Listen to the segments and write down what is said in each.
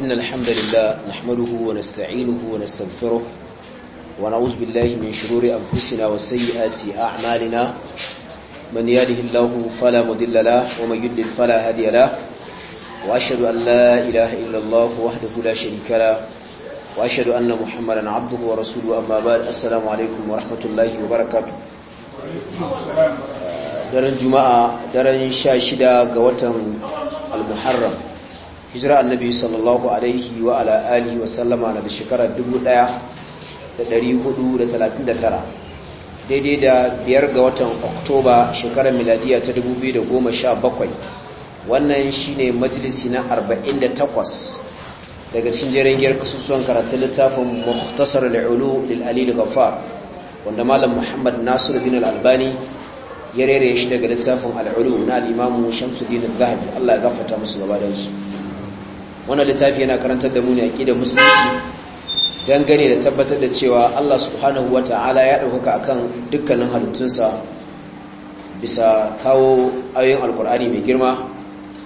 إن الحمد لله نحمده ونستعينه ونستغفره ونعوذ بالله من شرور أنفسنا وسيئات أعمالنا من يهده الله فلا مضل له ومن يضلل فلا هادي له وأشهد أن لا إله إلا الله وحده لا شريك له وأشهد أن محمدا عبده ورسوله أما بعد السلام عليكم ورحمة الله وبركاته daren juma'a daren sha shida ga watan al-muharram hijira annabi sallallahu alaihi wa ala wa na da shekarar 1439 daidai da biyar ga watan oktoba shekarar miladiya ta 2017 wannan shine majalisi na 48 daga cikin jerin giyar kasusuwan karatun littafin muhtasar al'ulu lil'alil ghaffar wanda malam muhammad nasiru bin al'albani ya rere shi daga littafin al'ulu na al'imamu shamsuddin al-zahabi allah ya gafata musu gaba su wannan littafi yana karantar da mu ne aqidar musulunci dangane da tabbatar da cewa Allah subhanahu wata'ala ya ɗaukaka dauka akan dukkanin halittunsa bisa kawo ayoyin alkur'ani mai girma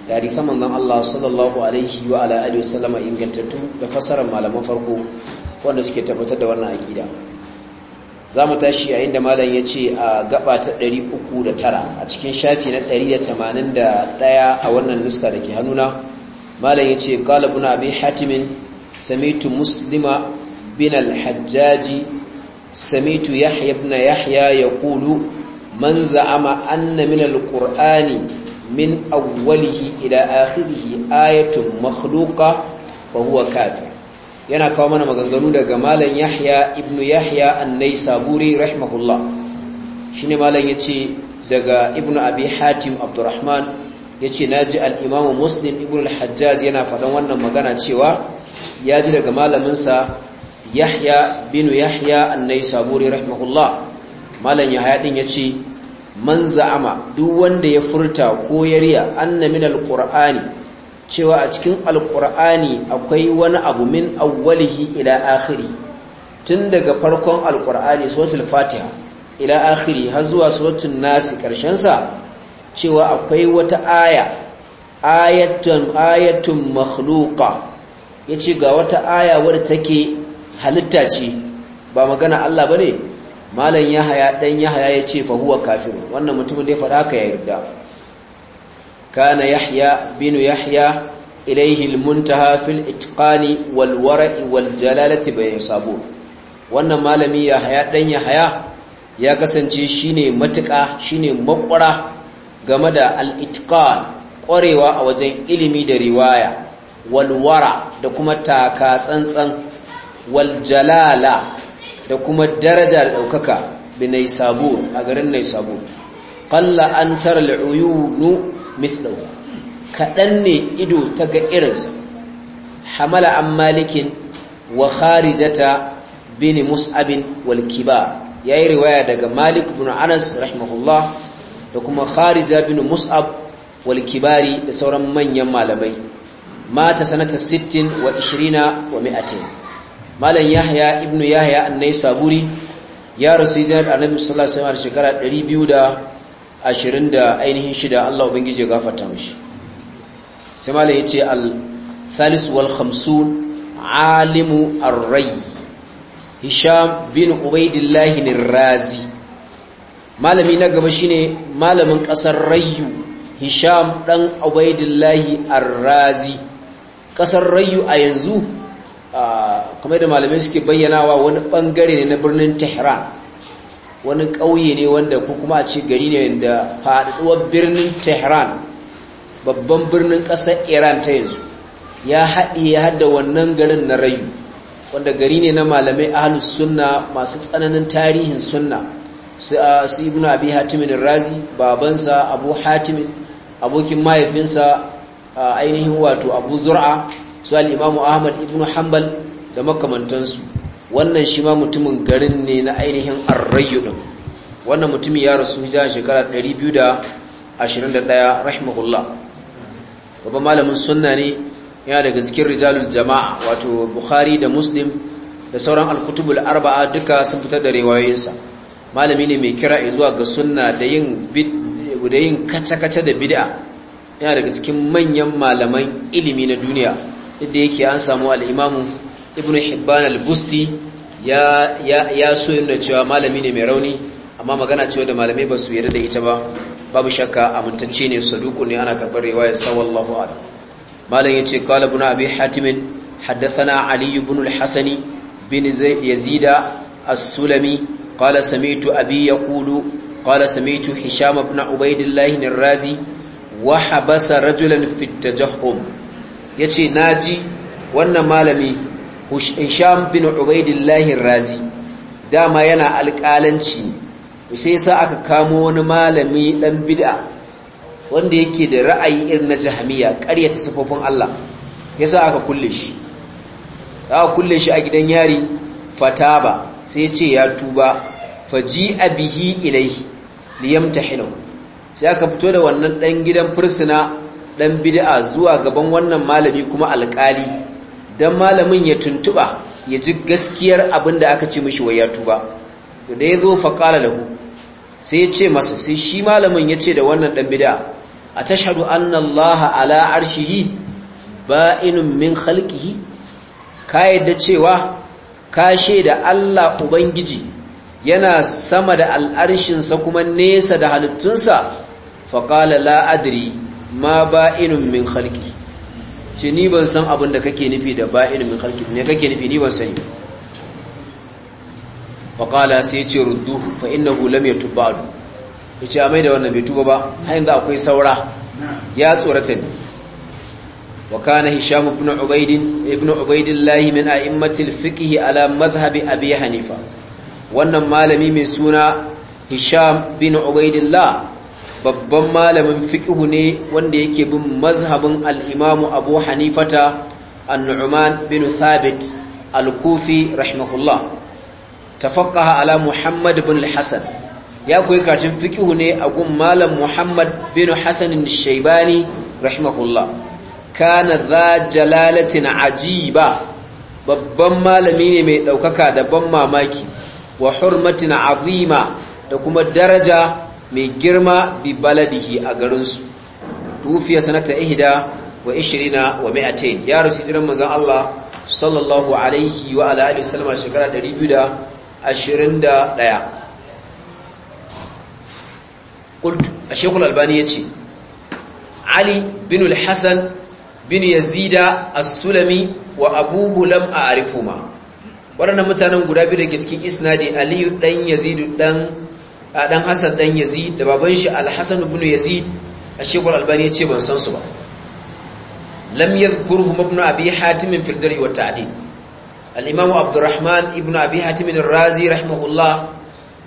da saman manzon Allah sallallahu alaihi wa ala alihi wasallama ingantattu da fasarar malaman farko wanda suke tabbatar da wannan aqida za mu tashi a inda malam ya ce a gaba ta 309 a cikin shafi na 181 a wannan nuska da ke hannuna malam yace qala ibn abi hatim samitu muslima bin al-hajjaj samitu yahya ibn yahya yaqulu man za'ama anna min al min awwalihi ila akhirihi ayatun makhluqa fa huwa yana kawo mana maganganu daga malam Yahya ibn Yahya an-Naisaburi rahimahullah shine malam yace daga ibn Abi Hatim Abdurrahman ce na ji imam Muslim ibn al-Hajjaj yana faɗan wannan magana cewa ya ji daga malamin sa Yahya binu Yahya an-Naisaburi rahimahullah malam Yahya din yace man za'ama duk wanda ya furta ko yariya anna min al-Qur'ani cewa a cikin alkur'ani akwai wani abu min awwalihi ila akhiri tun daga farkon alkur'ani suratul fatiha ila akhiri har zuwa suratul nasi karshen sa cewa akwai wata aya ayatun ayatun makhluqa yace ga wata aya wadda take halitta ce ba magana Allah ba bane malam yahaya dan yahaya yace fa huwa kafir wannan mutumin da ya faɗa haka ya yarda kana yahya bin yahya ilayhi almuntaha fil itqani wal wara'i wal jalalati bayan sabo wannan malami yahaya dan yahaya ya kasance shine matuƙa shine makwara game da al ƙwarewa a wajen ilimi da riwaya walwara da kuma taka tsantsan waljalala da kuma daraja da ɗaukaka binai a garin nai sabur ƙalla an tara al'uyunu mithlau kaɗan ne ido ta ga irinsa hamala an malikin wa kharijata bin mus'abin walkiba yayi riwaya daga malik bin anas rahimahullah da kuma kharija bin mus'ab wal kibari da sauran manyan malamai mata sanata 60 wa 20 wa 200 malam yahya ibnu yahya annai saburi ya rasu jinar annabi sallallahu alaihi wasallam shekara 220 da ainihin shida Allah ubangije gafarta mishi sai malam yace al thalis wal 50 alimu ar-ray hisham bin ubaidillah ar-razi malami na gaba shine malamin ƙasar rayu hisham ɗan ubaidillahi arrazi ƙasar rayu a yanzu kamar da malamai suke bayyanawa wani bangare ne na birnin tehran wani ƙauye ne wanda ko kuma a ce gari ne da faɗaɗuwar birnin tehran babban birnin ƙasar iran ta yanzu ya haɗe ya haɗa wannan garin na rayu wanda gari ne na malamai ahalus sunna masu tsananin tarihin sunna su ibn abi hatimin razi babansa abu hatimin abokin mahaifinsa ainihin wato abu zur'a su al'imamu ahmad ibn hanbal da makamantansu wannan shi ma mutumin garin ne na ainihin arrayyudun wannan mutumin ya rasu hijira shekara 221 rahimahullah babban malamin sunna ne yana daga cikin rijalul jama'a wato bukhari da muslim da sauran alkutubul arba'a duka sun fitar da rewayoyinsa malami ne mai kira zuwa ga sunna da yin kaca-kaca da bid'a yana daga cikin manyan malaman ilimi na duniya inda yake an samu al ibn hibban al-busti ya so ya so cewa malami ne mai rauni amma magana cewa da malamai ba su yarda da ita ba babu shakka amintacce ne saduku ne ana karbar riwayar sa wallahu malam yace qala ibn abi hatim حدثنا Aliyu, بن bin yazida as-sulami قال سمعت أبي يقول قال سمعت هشام بن عبيد الله الرازي وحبس رجلا في التجهم يتي ناجي وانا مالمي هشام بن عبيد الله الرازي داما ينا القالنشي sai sa aka kamo wani malami dan bid'a wanda yake da ra'ayi irin na karya ta sifofin Allah yasa aka kulle shi aka kulle shi a gidan yari fataba sai ce ya tuba faji abihi ilaihi liyamtahinahu sai aka fito da wannan dan gidan fursuna dan bid'a zuwa gaban wannan malami kuma alƙali dan malamin ya tuntuba ya ji gaskiyar abin da aka ce mishi waya tuba to da yazo fa qala lahu sai ya ce masa sai shi malamin ya ce da wannan dan bid'a atashhadu anna allaha ala arshihi ba'inun min khalqihi ka yadda cewa ka da Allah ubangiji yana sama da al'arshinsa kuma nesa da halittunsa faƙala la'adiri ma ba'inun min halki ce ni ban san abin da kake nufi da ba'inun min halki ne kake nufi ni ban sani faƙala sai ce ruddu fa ina hulam ya tuba adu ya ce amai da wannan bai tuba ba hain za akwai saura ya tsorata ne wa kana hisham ibn ubaidin ibn ubaidillahi min a'immatil fiqh ala madhhabi abi hanifa wannan malami mai suna hisham bin ubaidillah babban malamin fiqhu ne wanda yake bin mazhabin al-imamu abu hanifata an-nu'man bin thabit al-kufi rahimahullah tafaqqaha ala muhammad bin al-hasan ya koyi karatun fiqhu ne a gun malam muhammad bin hasan al-shaybani rahimahullah kana za jalalatin ajiba babban malami ne mai ɗaukaka da ban mamaki wa hurmatin azima da kuma daraja mai girma bi baladihi a garinsu tufiya sanata ihda wa ishirina wa mi'atain ya rasu jiran manzon Allah sallallahu alaihi wa ala alihi sallama shekara ashirin da ɗaya. a al-albani ce. ali bin al-hasan bin yazida as-sulami wa abuhu lam a'rifuma waɗannan mutanen guda biyu da ke cikin isnadi aliyu ɗan Yazidu ɗan ɗan hassan ɗan yazid da baban shi alhassan ibn yazid a shekul albani ya ce ban san su ba lam yadhkuruhum ibn abi hatim fi wa ta'dil al abdurrahman ibn abi hatim razi rahimahullah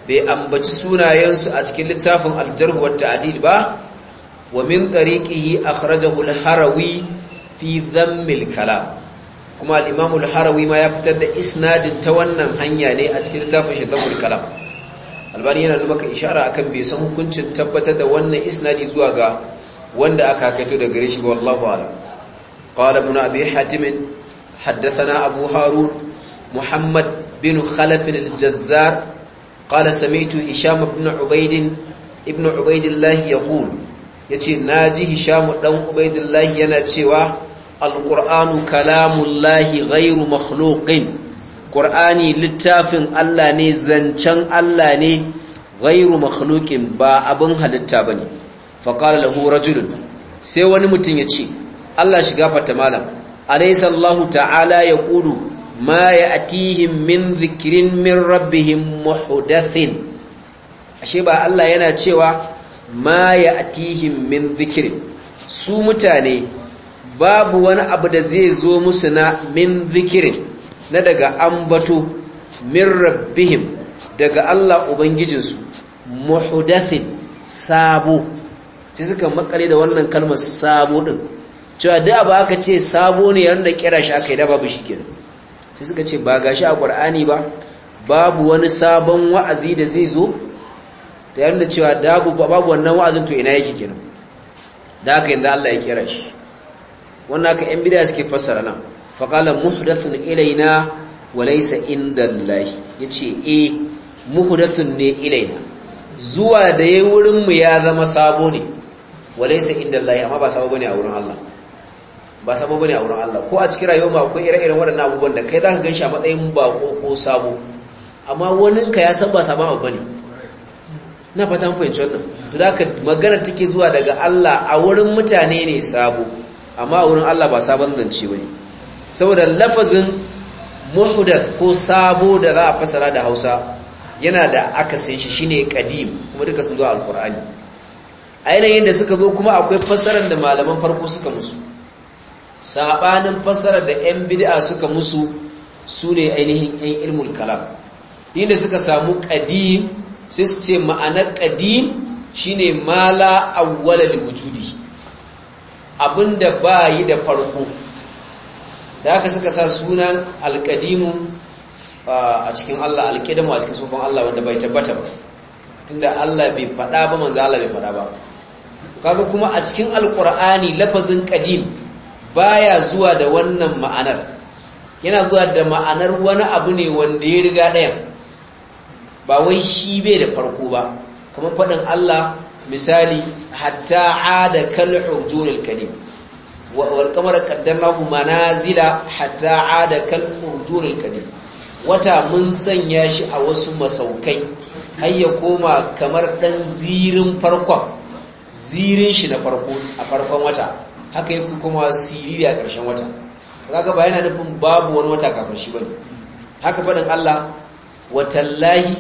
bai ambaci sunayensu a cikin littafin al wa ba wa min tariqihi akhrajahu harawi fi zammil al-kalam kuma al harawi ma ya fitar da isnadin ta wannan hanya ne a cikin littafin shaddadul kalam albani yana da maka ishara akan bai san hukuncin tabbatar da wannan isnadi zuwa ga wanda aka kaito da gare shi wallahu ala. qala ibn abi hatim haddathana abu harun muhammad bin khalaf al-jazzar qala sami'tu hisham ibn ubayd ibn ubaydillah yaqul yace naji hisham dan ubaydillah yana cewa alƙur'anu kalamullahi ghairu makhluqin ƙur'ani littafin Allah ne zancen Allah ne gairu makhluqin ba abin halitta bane faqala lahu rajulun sai wani mutum ya ce Allah shiga fata malam alaysa Allah ta'ala yaqulu ma ya'tihim min dhikrin min rabbihim muhdathin ashe ba Allah yana cewa ma tihin min dhikrin su mutane babu wani abu da zai zo musu na min zikirin na daga ambato min rabbihim daga Allah ubangijinsu muhdathin sabo ci suka makale da wannan kalmar sabo din cewa da ba aka ce sabo ne yadda kira shi aka yi da babu shi kira ci suka ce ba gashi a ƙwar'ani ba babu wani sabon wa'azi da zai zo da yadda cewa babu wannan wa'azin to ina yake kenan da yi da Allah ya kira shi wannan haka yan bid'a suke fassara nan fa qala muhdathun ilaina wa laysa indallahi ce eh muhdathun ne ilaina zuwa da yayi wurin ya zama sabo ne wa laysa indallahi amma ba sabo bane a wurin Allah ba sabo bane a wurin Allah ko a cikin rayuwa akwai ire-iren waɗannan abubuwan da kai zaka ganshi a matsayin bako ko sabo amma waninka ya san ba sabon abu bane na fata mun fahimci wannan to da magana take zuwa daga Allah a wurin mutane ne sabo amma a wurin Allah ba sabon zance ba ne saboda lafazin muhdath ko sabo da za a fasara da hausa yana da akasin shi shine kadim kuma duka sun zo A ainihin da suka zo kuma akwai fasarar da malaman farko suka musu sabanin fasarar da yan bid'a suka musu su ne ainihin yan ilmul kalam inda suka samu kadim sai su ce ma'anar shi shine mala awwala wujudi abinda ba yi da farko da aka suka sa sunan alkadimu a cikin Allah alkadimu a cikin sufan Allah wanda bai tabbata ba tunda Allah bai faɗa ba manzo Allah bai faɗa ba kaga kuma a cikin alƙur'ani lafazin qadim baya zuwa da wannan ma'anar yana zuwa da ma'anar wani abu ne wanda ya riga ɗayan ba wai shi bai da farko ba kamar faɗin Allah misali hatta ada kal al kalim wal qamara qaddarnahu manazila hatta ada kal al kalim wata mun sanya shi a wasu masaukai har ya koma kamar dan zirin farkon zirin shi na farko a farkon wata haka yake kuma siriri a ƙarshen wata kaga ba yana nufin babu wani wata kafin shi bane haka faɗin Allah tallahi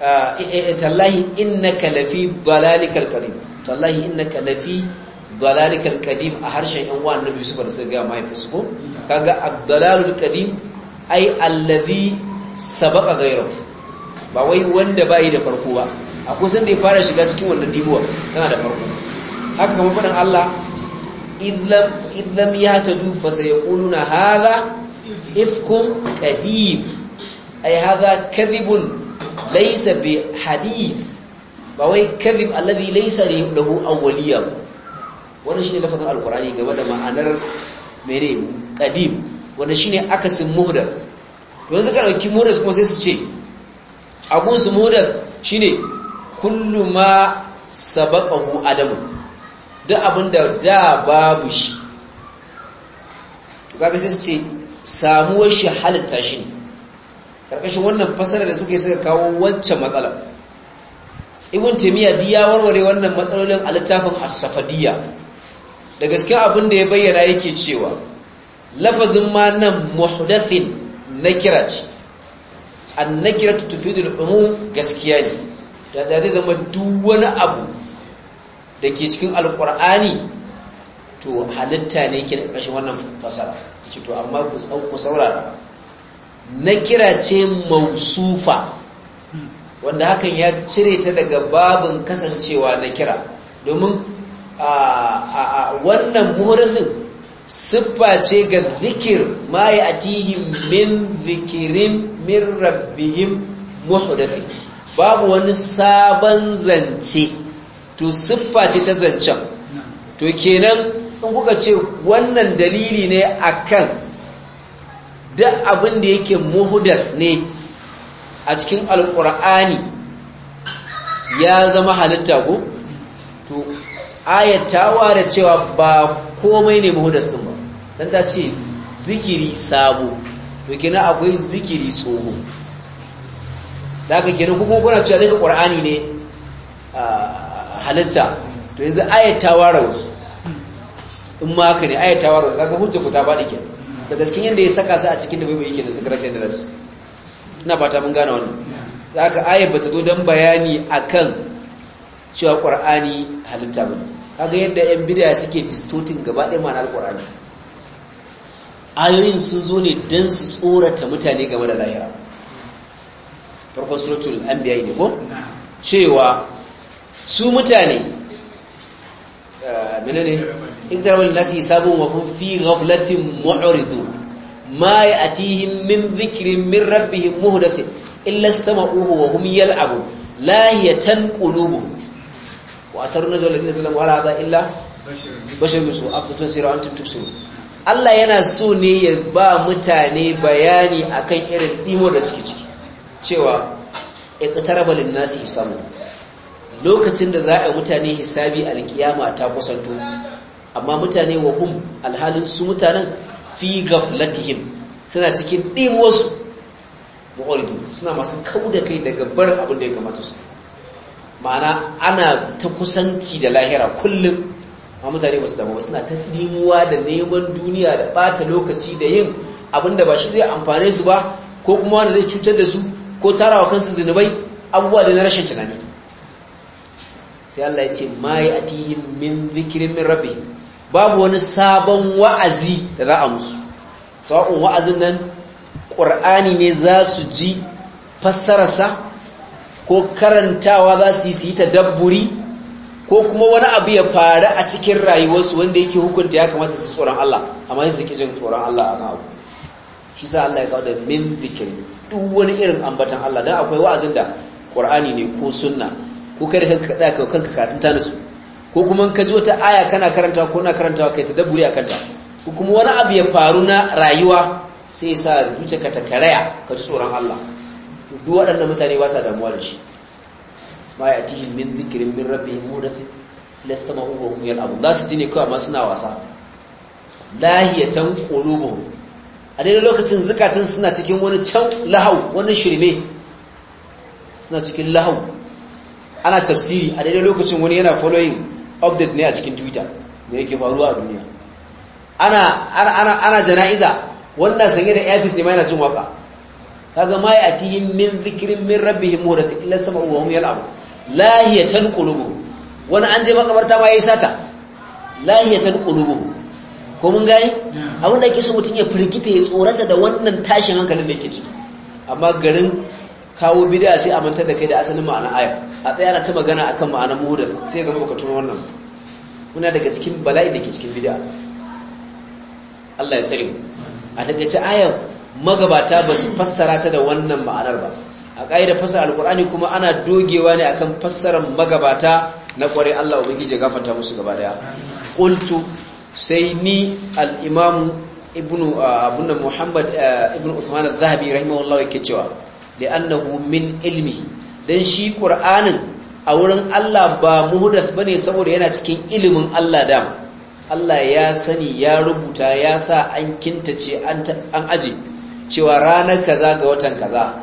tallahi innaka lafi dalalikal qadim tallahi innaka lafi dalalikal qadim a harshen yan uwan Annabi Yusuf da suka ga mahaifinsu ko kaga ad-dalalul qadim ai allazi sabaqa ghayruhu ba wai wanda bai da farko ba akwai san da ya fara shiga cikin wannan dibuwa tana da farko haka kamar faɗin Allah idlam ya ta dufa sai ya ƙununa haza ifkun ƙadim ai haza kadibun laisa bi hadith ba wai kadhib alladhi laysa lahu awwaliya wannan shine lafazin alqur'ani game da ma'anar mere qadim wannan shine akasin muhdar? yanzu ka dauki muhdar kuma sai su ce abun su muhdath shine kullu ma sabaqahu adamu duk abinda da babu shi to kaga sai su ce samuwar shi halitta shi karkashin wannan fasara da suka yi suka kawo wancan matsalar. ibn timiya di ya warware wannan matsalolin a littafin asafadiya da gaske abin da ya bayyana yake cewa lafazin ma nan muhdathin nakira ce annakiratu tufidul umu gaskiya ne da zai zama duk wani abu da ke cikin alkur'ani to halitta ne ke da ƙarshen wannan fasara ke to amma ku saurara Na kira ce mausufa wanda hakan ya cire ta daga babin kasancewa na kira. domin a' wannan murafin siffa ce ga zikir ma a tihin min zikirin min rabbihim muhdafi babu wani sabon zance to siffa ce ta zancen to kenan in kuka ce wannan dalili ne akan duk abin da yake muhudar ne a cikin alkur'ani ya zama halitta ko to ayatawa ware cewa ba komai ne muhudar din ba dan ta ce zikiri sabo to kina akwai zikiri tsoho da haka ko kuma kuna cewa daga qur'ani ne halitta to yanzu ware su in ma haka ne ayatawa rawu kaga hujja ku ta bada kenan da gaskin yadda ya saka su a cikin da bai ke da suka sai da rasu ina fata mun gane wani. Za ka ayar bata zo don bayani a kan cewa ƙwar'ani halitta ba kaga yadda yan bidaya suke distortin gaba ɗaya ma'anar ƙwar'ani ayoyin sun zo ne don su tsorata mutane game da lahira farkon an biya ne ko cewa su mutane eh, menene inda rawal nasi sabun wa fun fi ghaflatin mu'ridu ma ya'tihim min dhikrin min rabbihim muhdathin illa istama'uhu wa hum yal'abu la yatan qulubu wa asarna zalina dalam wala ba illa bashar bashar su aftatun sira antum tuksuru Allah yana so ne ya ba mutane bayani akan irin ima da suke ciki cewa iqtaraba lin nasi sabun lokacin da za a yi mutane hisabi alkiyama ta kusanto amma mutane wa hum alhalin su mutanen fi gaflatihim suna cikin ɗimuwarsu mu'uridu suna masu da kai daga barin abin da ya kamata su ma'ana ana ta kusanci da lahira kullum ma mutane ba su damu ba suna ta ɗimuwa da neman duniya da ɓata lokaci da yin abin da ba shi zai amfane su ba ko kuma wanda zai cutar da su ko tarawa kansu zunubai abubuwa da na rashin tunani sai Allah ya ce ma ya atihim min zikirin min rabbihim babu wani sabon wa'azi da za a musu sawa'un wa'azin nan ƙur'ani ne za su ji fassararsa ko karantawa za su yi su yi ta dabburi ko kuma wani abu ya faru a cikin rayuwarsu wanda yake hukunta ya kamata su tsoron Allah amma yin suke jin tsoron Allah a kan abu shi sa Allah ya kawo da min zikiri duk wani irin ambatan Allah don akwai wa'azin da ƙur'ani ne ko sunna ko kada kanka kanka katin ta nasu ko kuma ka ji wata aya kana karanta ko na karanta kai ta dabburi a kanta. ko kuma wani abu ya faru na rayuwa sai sa rubuce ka ta karaya ka ji tsoron Allah duk waɗannan mutane ba sa damuwa da shi ma ya tihi min zikirin min rabbihim mudathth lasta ma huwa hum yal'abu za su ji ne kawai ma suna wasa lahiyatan qulubuhum a daidai lokacin zukatun suna cikin wani can lahau wani shirme suna cikin lahau ana tafsiri a daidai lokacin wani yana following update ne a cikin twitter da yake faruwa a duniya ana jana'iza wannan sanye da airpiece ne ma yana jin waka kaga mai ya atihim min zikirin min rabbihim wa rasikilla sama wa hum yal'abu lahiyatan qulubu wani an je makabarta ma yayi sata lahiyatan qulubu ko mun gani hmm. abin da yake so mutun ya firgita ya tsorata da wannan tashin hankalin da yake ciki amma garin kawo bid'a sai a mantar da kai da asalin ma'ana ayar a tsaya na ta magana akan ma'anar muhdath sai ga baka tuno wannan muna daga cikin bala'i da cikin bid'a Allah ya tsare mu a takeice ayar magabata ba su fassara ta da wannan ma'anar ba a ƙa'idar fassara alkur'ani kuma ana dogewa ne akan fassarar magabata na ƙwarai Allah ubangiji ya gafarta musu gaba daya qultu sai ni al-imam ah, muhammad eh, ibnu usman al-zahabi rahimahullah yake cewa li'annahu min ilmi. dan shi ƙur'anin, a wurin Allah ba ba ne saboda yana cikin ilimin Allah da Allah ya sani ya rubuta ya sa an kintace an aji aje cewa ranar kaza ga watan kaza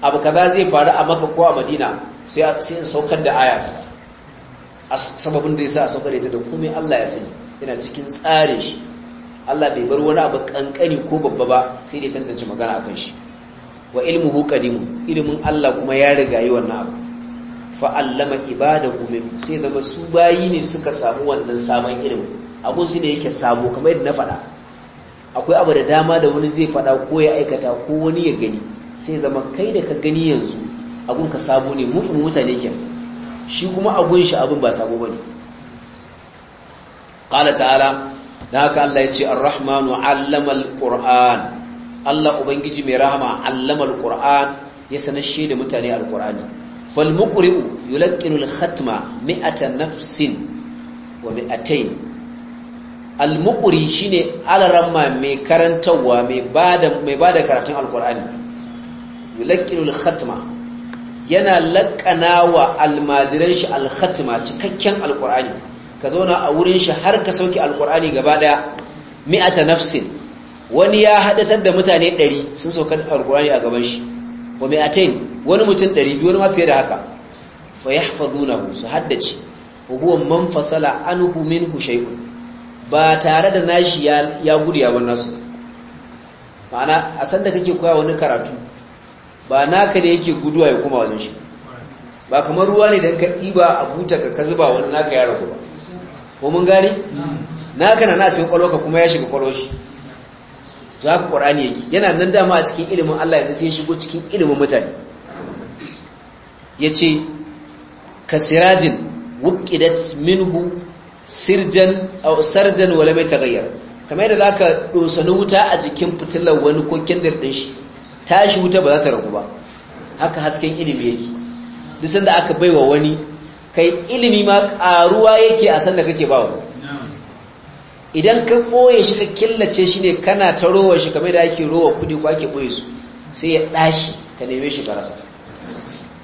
abu kaza zai faru a maka ko a Madina sai sai saukar da aya sababin da a saukar da kuma Allah ya sani yana cikin tsarin shi Allah bai bar wani abu kankani ko babba ba sai dai tantance magana akan shi wa ilmuhu qadimu ilmin Allah kuma ya riga yi wannan abu fa allama ibadahu min sai zama su bayi ne suka samu wannan sabon ilimi abun su ne yake sabo kamar yadda na faɗa akwai abu da dama da wani zai faɗa ko ya aikata ko wani ya gani sai zama kai da ka gani yanzu abun ka sabo ne mu mutane ke shi kuma abun shi abun ba sabo bane qala ta'ala da haka Allah ya ce ar-rahmanu 'allama al-qur'an Allah ubangiji mai rahama allama alquran ya sanar shi da mutane al fal muqri'u yulaqqinu al-khatma mi'ata nafsin wa mi'atayn al muqri shine alaramma mai karantawa mai bada mai bada karatun qurani yulaqqinu al-khatma yana laƙana wa almajiran shi alkhatima cikakken al-Qur'ani. ka zauna a wurin shi har ka sauke alkur'ani gaba ɗaya mi'ata nafsin wani ya hadatar da mutane 100 sun sauka alkurani a gaban shi wa mi'atain wani mutum 200 wani mafi da haka fa yahfazunahu su haddace wa huwa man fasala anhu minhu ba tare da nashi ya gudu ya bar nasu ma'ana a san da kake koya wani karatu ba naka ne yake guduwa ya kuma wajen shi ba kamar ruwa ne don ka ɗiba a buta ka ka zuba wani naka ya ragu ba ko mun gani hmm. naka na na a kwalwa ka kuma ya shiga kwalwa shi Zaka ka ƙwar'ani yake yana nan dama a cikin ilimin Allah yadda sai shigo cikin ilimin mutane ya ce ka sirajin wukidat minhu sirjan sarjan wala mai tagayyar kamar yadda za ka ɗosani wuta a jikin fitilar wani ko kyandir ɗin shi tashi wuta ba za ta ragu ba haka hasken ilimi yake duk sanda aka baiwa wani kai ilimi ma ƙaruwa yake a sanda kake ba wani idan ka ɓoye shi ka killace shi ne kana ta rowa shi kamar da ake rowa kuɗi ko ake ɓoye su sai ya ɗashi ka neme shi ka rasa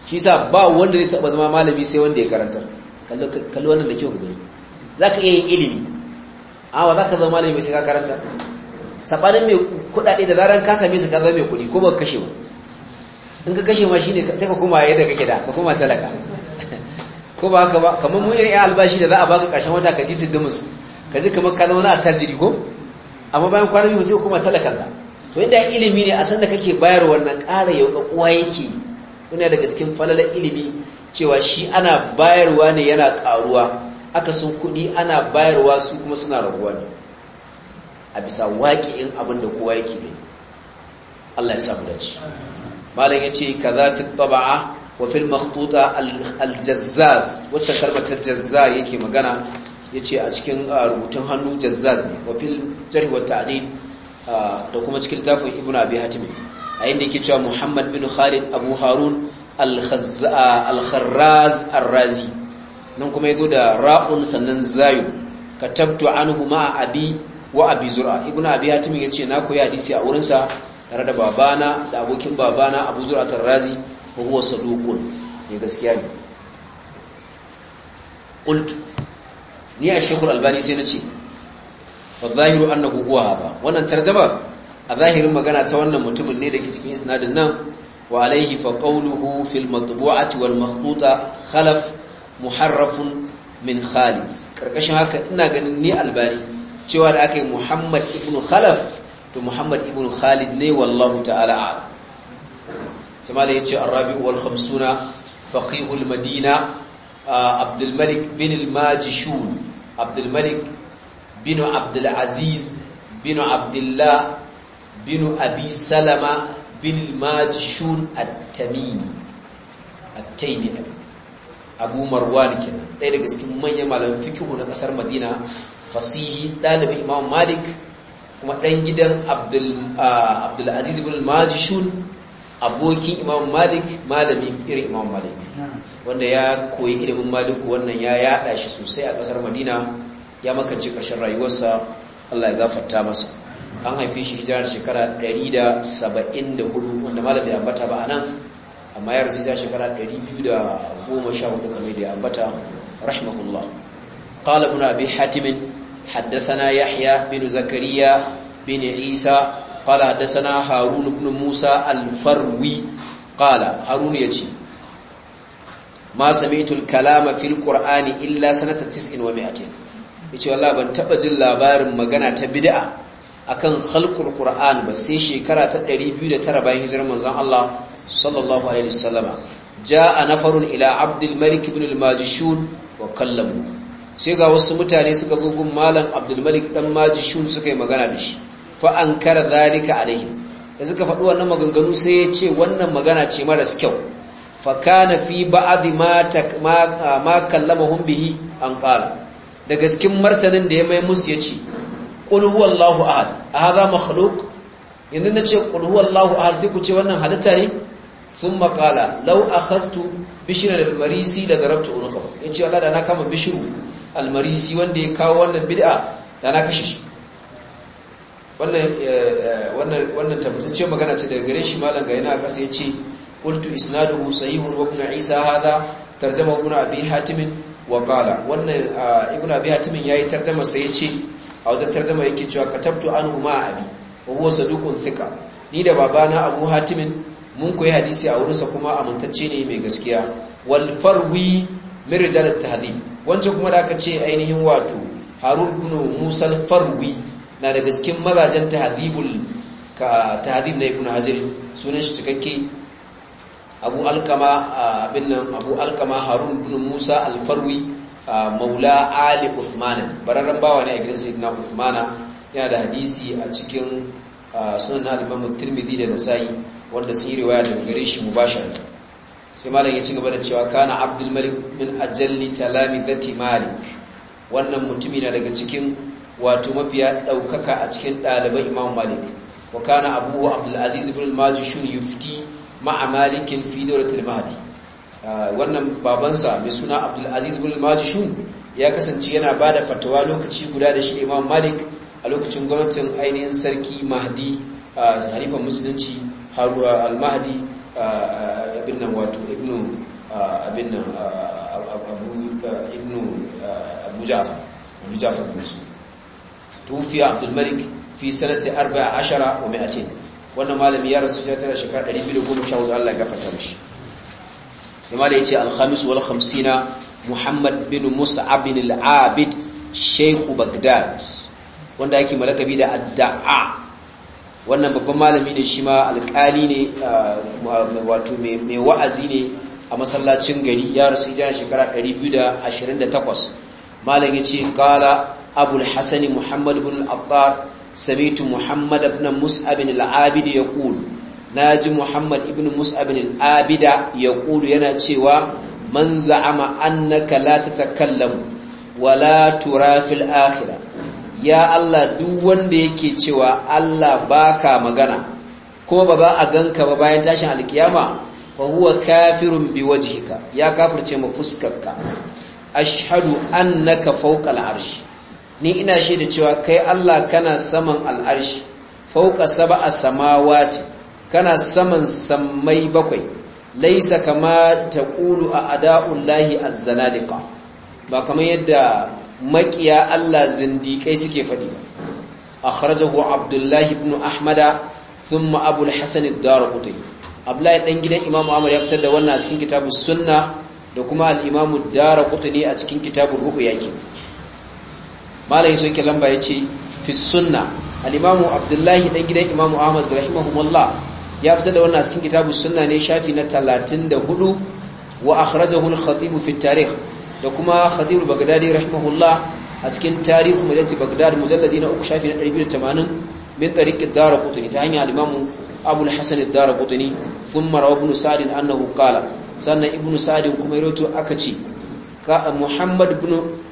shi sa ba wanda zai taɓa zama malami sai wanda ya karanta, kalli wannan da kyau ka gani za ka iya yin ilimi awa za ka zama malami sai ka karanta saɓanin mai kuɗaɗe da zaran ka same su ka zama mai kuɗi ko ba kashe ba in ka kashe ma ne sai ka koma yadda kake da ka koma talaka ko ba haka ba kamar mun irin albashi da za a baka ƙarshen wata ka ji su dumus ka ji kamar ka zama na attajiri ko amma bayan kwana biyu sai kuma talakan ka to inda ilimi ne a san da kake bayar wannan ƙara yauka kuwa yake yana daga cikin falalar ilimi cewa shi ana bayarwa ne yana ƙaruwa aka sun kuɗi ana bayarwa su kuma suna raguwa ne a bisa waƙi'in abin da kowa yake gani Allah ya samu dace malam ya ce ka za fi taba'a wa fil makhtuta al-jazzaz wacce kalmar ta jazza yake magana yace a cikin rubutun hannu jazzaz ne wa fil jarh da kuma cikin tafin ibnu abi hatim a inda yake cewa muhammad bin khalid abu harun al-kharraz nan kuma yazo da ra'un sannan zayu katabtu anhu ma abi wa abi zur'a ibnu abi ya ce na koyi hadisi a wurinsa tare da babana da abokin babana abu zur'a ar-razi huwa saduqun ne gaskiya ne qultu ni a shekul albani sai na ce fa zahiru annahu huwa hada wannan tarjama a zahirin magana ta wannan mutumin ne dake cikin isnadin nan wa alaihi fa qawluhu fil matbu'ati wal makhtuta khalaf muharrafun min khalid karkashin haka ina ganin ni albani cewa da aka yi muhammad ibnu khalaf to muhammad ibnu khalid ne wallahu ta'ala a'lam samala yace arabi'u wal khamsuna faqihul madina abdul malik bin al abdulmalik binu abdulaziz binu abdullah binu abi salama bin majishun at-tamimi at-taimi abu marwan kenan ɗaya daga cikin manyan malamin fikihu na ƙasar madina fasihi ɗalibin imam malik kuma ɗan gidan abdulaziz bin majishun abokin imam malik malami irin imam malik wanda ya koyi ilimin maliku wannan ya yada shi sosai a kasar madina ya makance karshen rayuwarsa allah ya gafarta masa an haife shi hijirar shekara 174 wanda malam ya ambata ba a nan amma ya rasu hijirar shekara 214 kamar da ya ambata rahimahullah قال ابن أبي حاتم حدثنا يحيى بن زكريا بن عيسى قال حدثنا هارون بن موسى الفروي قال ya ce. ma samitul kalama fil qur'ani illa sanata 900 yace wallahi ban taba jin labarin magana ta bid'a akan khalqul qur'an ba sai shekara ta 209 bayan hijirar manzon Allah sallallahu alaihi wasallama jaa nafarun ila abdul malik ibn al majishun wa kallamu sai ga wasu mutane suka zo gun malam abdul malik dan majishun suka yi magana da shi fa ankara zalika alaihi da suka faɗi wannan maganganu sai ya ce wannan magana ce maras kyau fakana fi ba'adi ma kallamahum bihi an qala daga cikin martanin da ya mai musu yace qul huwallahu ahad hadha makhluq yanzu nace qul huwallahu ahad sai ku ce wannan halitta ne thumma qala law akhadtu bishran al-marisi la darabtu unqahu yace Allah da na kama bishru al-marisi wanda ya kawo wannan bid'a da na kashe shi wannan eh, eh, wannan wannan magana ce daga gare shi malam ga yana kasa yace qultu isnaduhu sahihun wa ibn isa hadha tarjama ibn abi hatim wa qala wannan ibn abi hatim yayi tarjama sai yace a wajen tarjama yake cewa katabtu anhu ma abi wa huwa saduqun thiqa ni da babana abu hatim mun koyi hadisi a wurinsa kuma amintacce ne mai gaskiya wal farwi min rijal at-tahdhib wancan kuma da aka ce ainihin wato harun ibn musa farwi na daga cikin mazajen tahdhibul ka na ibn hajar sunan shi cikakke abu alkama ah, abin nan abu alkama harun bin musa alfarwi ah, maula ali uthman bararren bawa ne a gidan sayyidina uthmana yana da hadisi a cikin ah, sunan al-imam tirmidhi da nasa'i wanda sun yi riwaya daga gare shi mubasharatan sai malam ya ci gaba da cewa kana abdul malik min ajalli talamizati malik wannan mutumi na daga cikin wato mafiya daukaka a cikin ɗaliban imam malik wa kana abu abdul aziz ibn al yufti ma'a malikin fi mahadi ah, wannan babansa mai suna abdul aziz bin majishun ya kasance yana bada fatawa lokaci guda da shi imam malik a lokacin gwamnatin ainihin sarki mahdi ah, halifan musulunci haruwa ah, al-mahdi abin nan wato ibnu abin nan abu ja'far abu ja'far bin su tufiya abdul malik fi sanati 14 wa 200 wannan malami ya rasu tana shekara 214 Allah ya gafarta mishi sai malai yace al-khamis wal 50 Muhammad bin Mus'ab bin al-Abid Sheikh Baghdad wanda yake malakabi da adda'a wannan babban malami ne shi ma alƙali ne wato mai wa'azi ne a masallacin gari ya rasu hijira shekara 228 malam yace qala abul hasan muhammad ibn al Abbar. سميت محمد بن مصعب العابد يقول ناجي محمد بن مصعب العابد يقول ينا تشيوا من زعم أنك لا تتكلم ولا ترى في الآخرة يا الله دو wanda yake cewa Allah baka magana ko ba za a ganka ba bayan tashin alkiyama fa huwa kafirun wajhika ya kafirce ma fuskarka ashhadu annaka fawqa al'arshi ni ina shi da cewa kai Allah kana saman al'arshi fauka saba a samawati kana saman sammai bakwai laisa kama ta ƙulu a adaun lahi ada'ullahi zanadika, ba kamar yadda maƙiya Allah zindiƙai suke faɗi ba a kharajahu abdullahi ibn ahmada sun ma'abul hassan dara kutai abdullahi ɗan gidan imam amur ya fitar da wannan a cikin kitabu sunna da kuma al'imamu dara kutai a cikin kitabun ruhu yaki malam ya soke lamba ya ce fi sunna al'imamu abdullahi ɗan gidan imamu ahmad rahimahumullah ya fitar da wannan a cikin kitabu sunna ne shafi na talatin da hudu wa akhrajahu al-khatib fi tarikh da kuma khatib bagdadi rahimahullah a cikin tarihu mujallad bagdad mujalladi na uku shafi na 280 min tariq ad-darqutni ta hanyar al-imam abu al-hasan ad-darqutni thumma rawa ibn sa'd annahu qala sannan ibn sa'd kuma yaroto aka ce ka muhammad ibn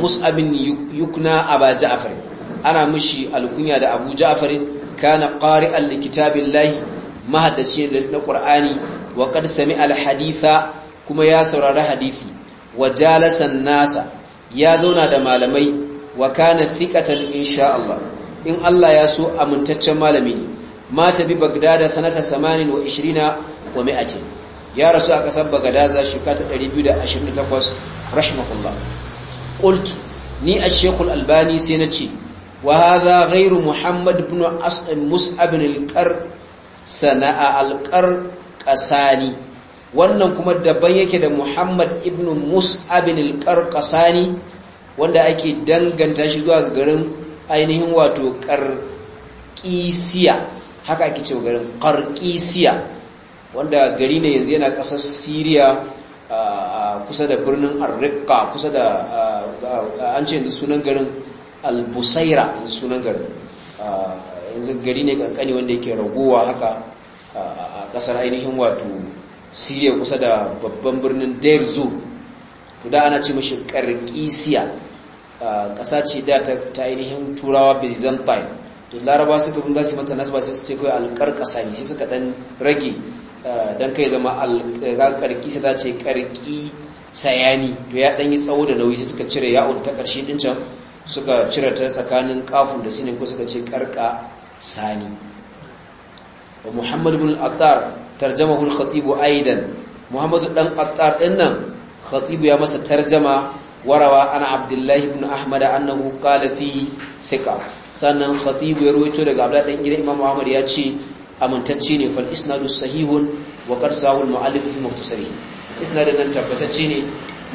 mus'abin yukna aba ja'far ana mushi alkunya da abu ja'far kana qari'an li kitabillahi mahaddaci na qur'ani wa qad sami'a alhaditha kuma ya saurari hadisi wa jalasa nasa ya zauna da malamai wa kana thiqatan insha Allah in Allah ya so amintaccen malami ne mata bi bagdada sanata 28 wa mi'atin ya rasu a kasar bagdada shekara 228 rahimahullah qultu ni ash-shaykh al-albani sai nace wa hadha ghayru muhammad ibn mus'ab al wannan kuma daban yake da muhammad ibn mus'ab al-qar wanda ake danganta shi zuwa ga garin ainihin wato qarqisiya haka ake cewa garin qarqisiya wanda gari ne yanzu yana kasar syria kusa da birnin arriqa kusa da an ce yanzu sunan garin albusaira yanzu sunan garin ah, yanzu gari ne kankani wanda yake ragowa haka ah, a kasar ainihin wato siriya kusa da babban birnin deir zu to da ana ce mashi karkisiya ah, ƙasa ce da ta ainihin turawa byzantine to laraba suka kun su mata nasba sai su ce kawai alƙarƙasa ne sai suka ɗan rage don kai zama alƙarƙisa ta ce ƙarƙi sayani to ya ɗanyi tsawo da nauyi suka cire ya'un ta ƙarshe ɗin can suka cire ta tsakanin kafu da sinin ko suka ce karka sani wa muhammad bin attar tarjama hul khatibu aidan muhammadu dan attar ɗin nan khatibu ya masa tarjama warawa ana abdullahi ibn ahmad annahu qala fi thiqa sannan khatibu ya ruwaito daga abdullahi dan gidan imam ahmad ya ce amintacce ne fal isnadu sahihun wa qad sahul mu'allif fi mukhtasarihi isnadin nan tabbatacce ne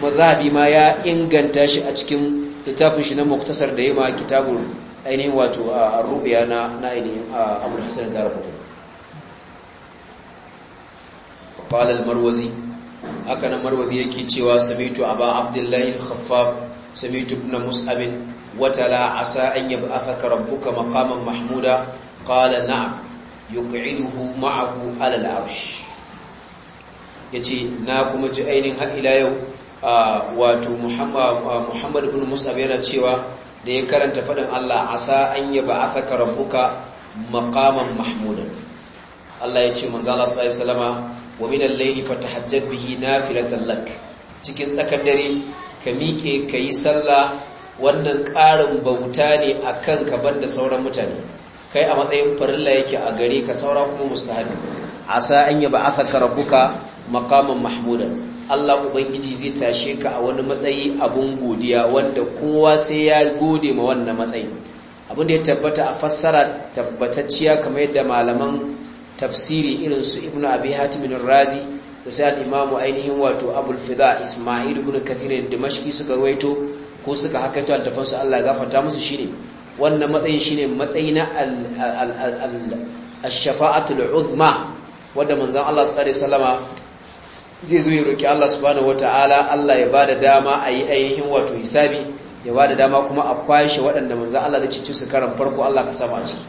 mazhabi ma ya inganta shi a cikin littafin shi na muktasar da yima kitabun ainihin wato a rubiya na na ainihin abul hasan da rabu qala al marwazi haka marwazi yake cewa samitu aba abdullahi al khaffaf samitu ibn mus'ab wa tala asa an yab'athaka rabbuka maqaman mahmuda qala na'am yuq'iduhu ma'ahu ala al arsh ya ce na kuma ji ainihin har ila yau wato muhammad bin Musa yana cewa da ya karanta faɗin allah a an yaba ba a saka buka makaman mahmudan allah ya ce manzala su salama wa minan laili fata hajjar bihi na filatan lak cikin tsakar dare ka miƙe ka yi sallah wannan ƙarin bauta ne a kan ka da sauran mutane kai a matsayin farilla yake a gare ka saura kuma mustahabi a an yi ba a saka buka maqaman mahmudan Allah ubangiji zai tashe ka a wani matsayi abun godiya wanda kowa sai ya gode ma wannan matsayi abin da ya tabbata a fassara tabbatacciya kamar yadda malaman tafsiri irin su Ibn abi hatim razi da sai al imam ainihin wato abul fida isma'il ibn kathir dimashqi suka rawaito ko suka hakaito altafan su Allah ya gafarta musu shine wannan matsayin shine matsayi na al-shafa'atul uzma wanda manzon Allah sallallahu alaihi wasallama zai zo ya roƙi Allah subhanahu wataala Allah ya ba da dama a yi ainihin wato hisabi ya ba da dama kuma a kwashe waɗanda manzan Allah da cikin su karan farko Allah ka sama a ciki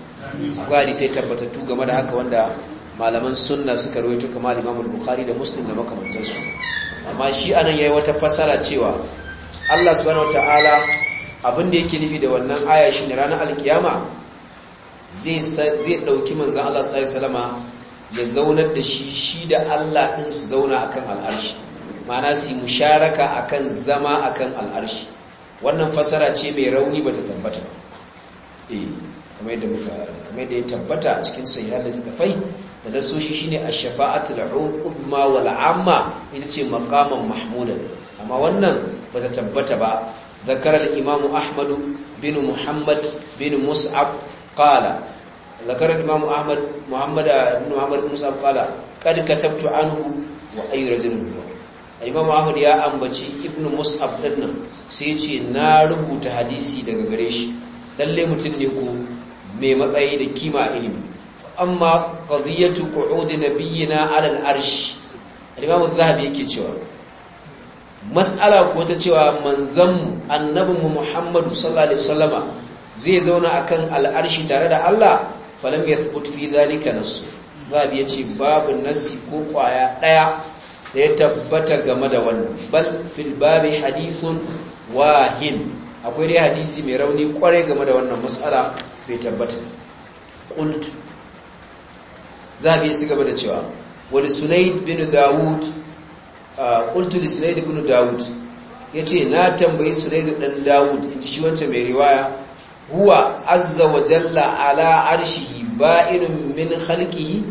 akwai hadisi tabbatattu game da haka wanda malaman sunna suka rawaito kamar Imam Bukhari da Muslim da makamantansu amma shi anan yi wata fasara cewa Allah subhanahu wataala abin da yake nufi da wannan aya ne ranar alkiyama zai zai dauki manzan Allah sallallahu ya zaunar da shi shi da Allah ɗin su zauna akan al'arshi ma'ana su musharaka akan zama akan al'arshi wannan fasara ce mai rauni ta tabbata eh kamar yadda muka yadda ya tabbata a cikin sahihan tafai, da nasoshi shine ash-shafa'atul uzma wal amma ita ce maqaman mahmudan amma wannan bata tabbata ba zakarar imamu Ahmadu, bin Muhammad, bin mus'ab قال ذكر الإمام أحمد محمد بن محمد بن سعد قال قد كتبت عنه وأي رجل هو Imam Ahmad ya ambaci Ibn Mus'ab dinnan sai ce na rubuta hadisi daga gare shi lalle mutum ne ko mai matsayi da kima ilimi amma qadiyatu qu'ud nabiyina 'ala al-arsh Imam Az-Zahabi yake cewa mas'ala ko ta cewa manzon annabinmu Muhammadu sallallahu alaihi wasallama zai zauna akan al'arshi tare da Allah falam yathbut fi dhalika nasu bab yace babu nasi ko kwaya daya da ya tabbata game da wannan bal fil babi hadithun wahin akwai dai hadisi mai rauni kwarai game da wannan mas'ala bai tabbata qult zabi su gaba da cewa wani sunaid bin dawud ah, qultu li sunaid bin dawud yace na tambayi sunaid dan dawud in shi wancan mai riwaya huwa azza wa jalla ala arshihi ba'inun min khalqihi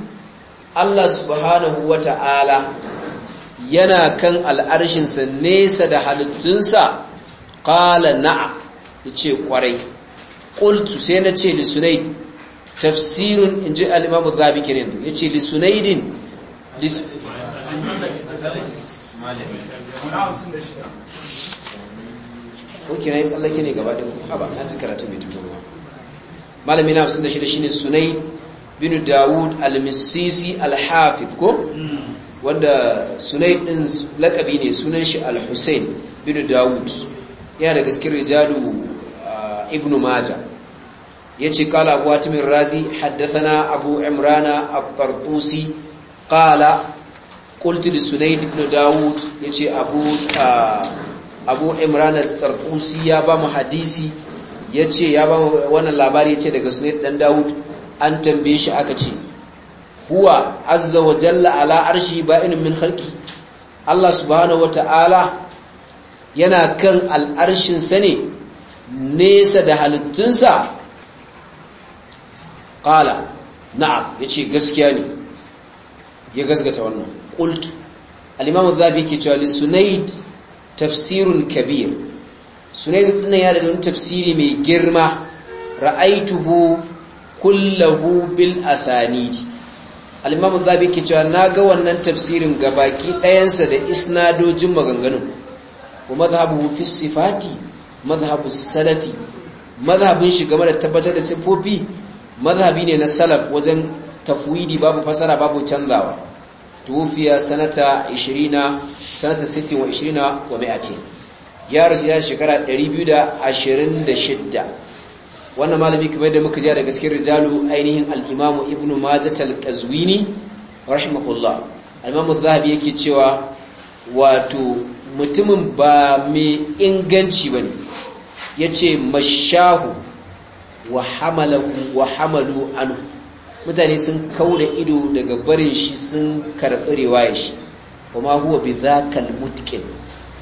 Allah subhanahu wa ta'ala yana kan al'arshinsa nesa da halittunsa ƙala na'am ya ce ƙwarai sai na ce lissunai tafsirun in ji zaɓi kirin ce lissunaidin oke na yi tsallake ne gaba ɗin haba na ci karatu mai tuto ba malami na hamsin da shi ne sunai binu dawud al-misisi al-hafif ko wanda sunai ɗin lakabi ne sunan shi al-hussein binu dawud yana da gaskin rijalu ah, Ibn maja ya ce kala abu hatimin razi haddasana abu imrana a fartusi kala kultu da sunai ibnu dawud ya ce abu ah, abu imran al-tarqusi ya ba mu hadisi yace ya ba mu wannan labari yace daga sunayd dan daud an tambaye shi aka ce huwa azza wa jalla ala arshi ba'in min khalqi Allah subhanahu Ta'ala yana kan al-arshin sa ne nesa da halittunsa qala na'am yace gaskiya ne ya gasgata wannan qult al-imam az-zabi ke cewa li sunayd Tafsirun kabir sunaid ibn ya da tafsiri mai girma ra'aituhu kullahu bil asanidi al-imam zabi ke cewa ga wannan tafsirin gabaki ɗayansa da isnadojin maganganun wa madhhabu fi sifati madhhabu salafi madhhabin shi game da tabbatar da sifofi madhhabi ne na salaf wajen tafwidi babu fasara babu canzawa tufiya sanata 20 sanata 60 wa 20 wa 200 ya rasu ya shekara 226 wannan malami kamar da muka ja daga cikin rijalu ainihin al-imamu ibn majah al-qazwini rahimahullah yake cewa wato mutumin ba mai inganci bane yace mashahu wa hamalahu anhu mutane sun da ido daga barin shi sun karɓi riwaya shi kuma huwa bi zakal mutkin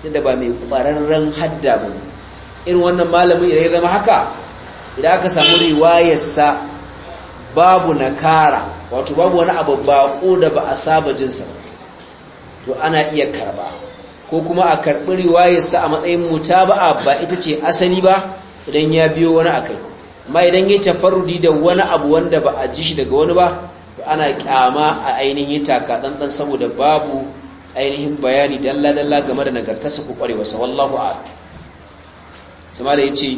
tunda ba mai ƙwararren hadda ba irin wannan malamin idan ya zama haka idan aka samu riwayarsa babu na kara. wato babu wani abu baƙo da ba a saba jinsa to ana iya karba ko kuma a karɓi riwayarsa a matsayin mutaba'a ba ita ce asali ba idan ya biyo wani akai amma idan ya tafarudi da wani abu wanda ba a ji shi daga wani ba ana kyama a ainihin taka ɗanɗan saboda babu ainihin bayani dalla-dalla game da nagartarsa ko ƙwarewarsa wallahu a sama da ya ce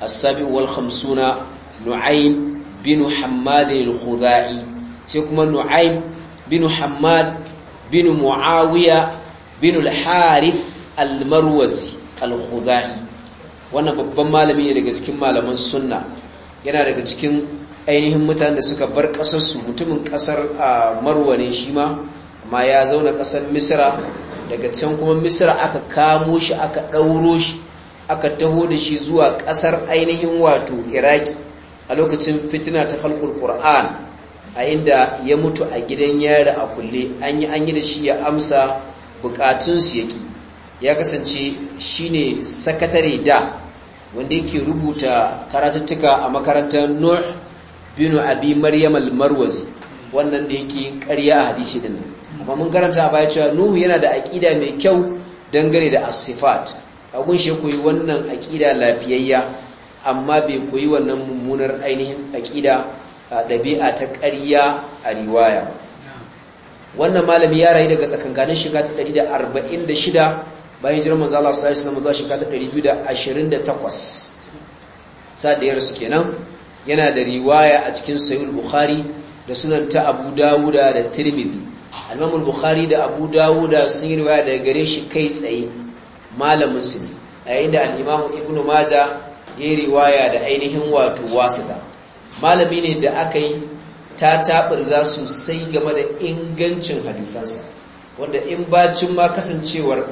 asabi wal hamsuna nu'ain bin hamadin al-khudai sai kuma nu'ain bin hamad bin muawiya bin al-harith al-marwazi al-khudai wannan babban malami ne daga cikin malaman sunna yana daga cikin ainihin mutanen da suka bar ƙasarsu mutumin ƙasar a marwane shi ma amma ya zauna ƙasar misira daga can kuma misira aka kamo shi aka ɗauro shi aka taho da shi zuwa ƙasar ainihin wato iraki a lokacin fitina ta halkul Kur'an. a inda ya mutu a gidan yari a kulle an yi an yi da shi ya amsa bukatunsu yaki ya kasance ne sakatare da wanda yake rubuta karatattuka a makarantar nuh binu abi maryam al-marwazi wannan da yake yin a hadisi din amma mun karanta a baya cewa nuhu yana da aƙida mai kyau dangane da asifat abun shi koyi wannan aƙida lafiyayya amma bai koyi wannan mummunar ainihin aƙida dabi'a ta ƙarya a riwaya wannan malami ya rayu daga tsakankanin shiga ta 146 bayan hijirar manzo Allah sallallahu alaihi wasallam shekara ta 228 sa'ad da ya kenan yana da riwaya a cikin sahih bukhari da sunan ta Abu Dawuda da Tirmidhi al bukhari da Abu Dawuda sun yi riwaya da gare shi kai tsaye malamin su ne a yayin da al-Imam Ibn Majah ya riwaya da ainihin wato wasita malami ne da aka yi ta su sosai game da ingancin hadisansa wanda in bacin ma kasancewar